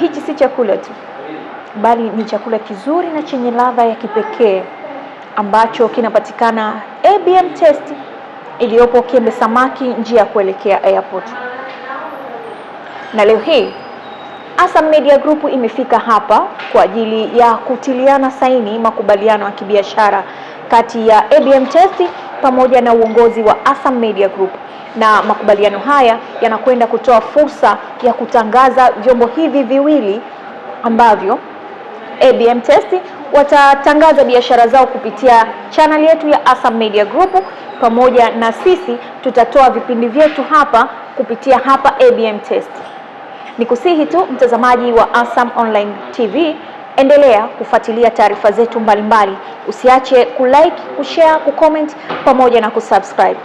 hichi si chakula tu, bali ni chakula kizuri na chenye ladha ya kipekee ambacho kinapatikana ABM Test iliyopo Kiembe Samaki, njia ya kuelekea airport. Na leo hii Asam Media Group imefika hapa kwa ajili ya kutiliana saini makubaliano ya kibiashara kati ya ABM Test pamoja na uongozi wa Asam Media Group, na makubaliano haya yanakwenda kutoa fursa ya kutangaza vyombo hivi viwili ambavyo ABM Test watatangaza biashara zao kupitia channel yetu ya Asam Media Group, pamoja na sisi tutatoa vipindi vyetu hapa kupitia hapa ABM Test. Nikusihi tu mtazamaji wa Asam Online TV Endelea kufuatilia taarifa zetu mbalimbali, usiache kulike, kushare, kucomment pamoja na kusubscribe.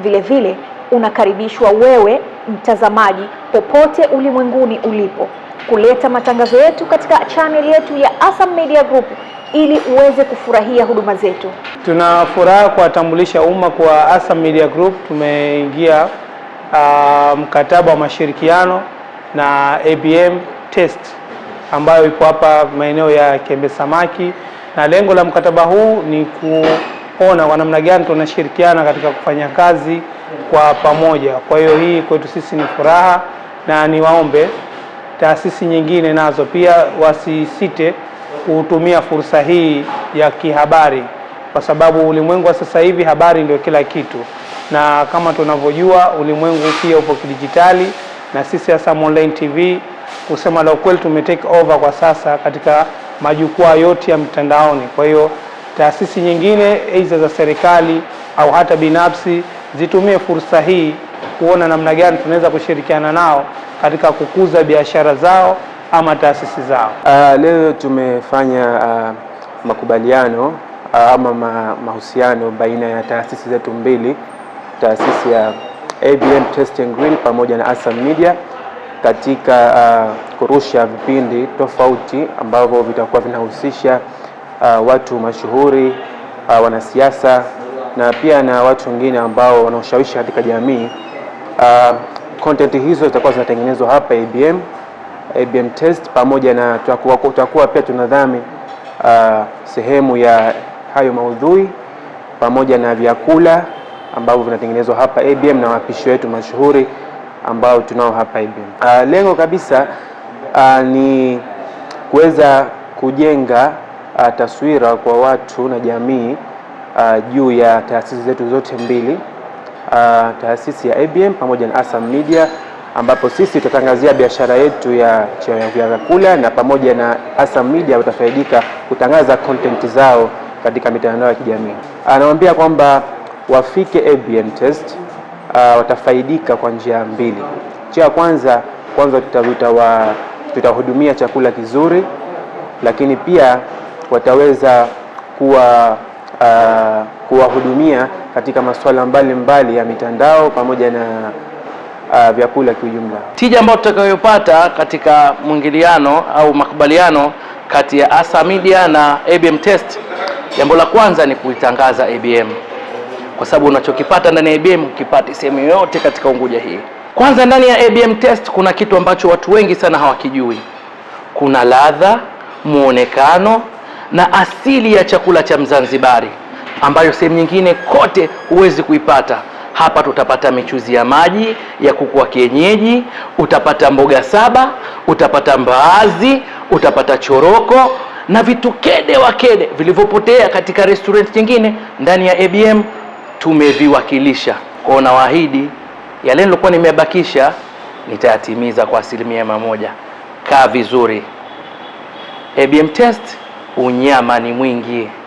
Vile vile unakaribishwa wewe mtazamaji, popote ulimwenguni ulipo, kuleta matangazo yetu katika chanel yetu ya Asam Media Group ili uweze kufurahia huduma zetu. Tuna furaha kuwatambulisha umma kwa Asam Media Group. Tumeingia uh, mkataba wa mashirikiano na ABM Test ambayo iko hapa maeneo ya Kiembe Samaki, na lengo la mkataba huu ni kuona kwa namna gani tunashirikiana katika kufanya kazi kwa pamoja. Kwa hiyo hii kwetu sisi ni furaha, na niwaombe taasisi nyingine nazo pia wasisite kutumia fursa hii ya kihabari, kwa sababu ulimwengu wa sasa hivi habari ndio kila kitu, na kama tunavyojua ulimwengu pia upo kidijitali, na sisi hasa Online TV kusema la ukweli, tumetake over kwa sasa katika majukwaa yote ya mtandaoni. Kwa hiyo taasisi nyingine aidha za serikali au hata binafsi zitumie fursa hii kuona namna gani tunaweza kushirikiana nao katika kukuza biashara zao ama taasisi zao. Uh, leo tumefanya uh, makubaliano uh, ama ma, mahusiano baina ya taasisi zetu mbili, taasisi ya ABN Testing Grill pamoja na Asam Media katika uh, kurusha vipindi tofauti ambavyo vitakuwa vinahusisha uh, watu mashuhuri uh, wanasiasa na pia na watu wengine ambao wanaoshawishi katika jamii. Uh, content hizo zitakuwa zinatengenezwa hapa ABM, ABM Test, pamoja na tutakuwa pia tunadhami uh, sehemu ya hayo maudhui pamoja na vyakula ambavyo vinatengenezwa hapa ABM na wapishi wetu mashuhuri ambao tunao hapa IBM. Mm. Ah, lengo kabisa uh, ni kuweza kujenga uh, taswira kwa watu na jamii uh, juu ya taasisi zetu zote mbili uh, taasisi ya IBM pamoja na Asam Media ambapo sisi tutatangazia biashara yetu ya vyakula na pamoja na Asam Media watafaidika kutangaza content zao katika mitandao ya kijamii. Anawaambia kwamba wafike IBM Test uh, watafaidika kwa njia mbili. Njia ya kwanza kwanza tutahudumia chakula kizuri, lakini pia wataweza kuwa uh, kuwahudumia katika masuala mbalimbali ya mitandao pamoja na uh, vyakula kiujumla. Tija ambayo tutakayopata katika mwingiliano au makubaliano kati ya Asa Media na ABM Test, jambo la kwanza ni kuitangaza ABM kwa sababu unachokipata ndani ya ABM ukipati sehemu yoyote katika Unguja hii. Kwanza ndani ya ABM test kuna kitu ambacho watu wengi sana hawakijui. Kuna ladha, muonekano na asili ya chakula cha Mzanzibari ambayo sehemu nyingine kote huwezi kuipata. Hapa tutapata michuzi ya maji ya kuku wa kienyeji, utapata mboga saba, utapata mbaazi, utapata choroko na vitu kede wa kede vilivyopotea katika restaurant nyingine ndani ya ABM tumeviwakilisha kwao. Nawaahidi yale nilikuwa nimebakisha nitayatimiza kwa asilimia mia moja. Kaa vizuri. ABM test, unyama ni mwingi.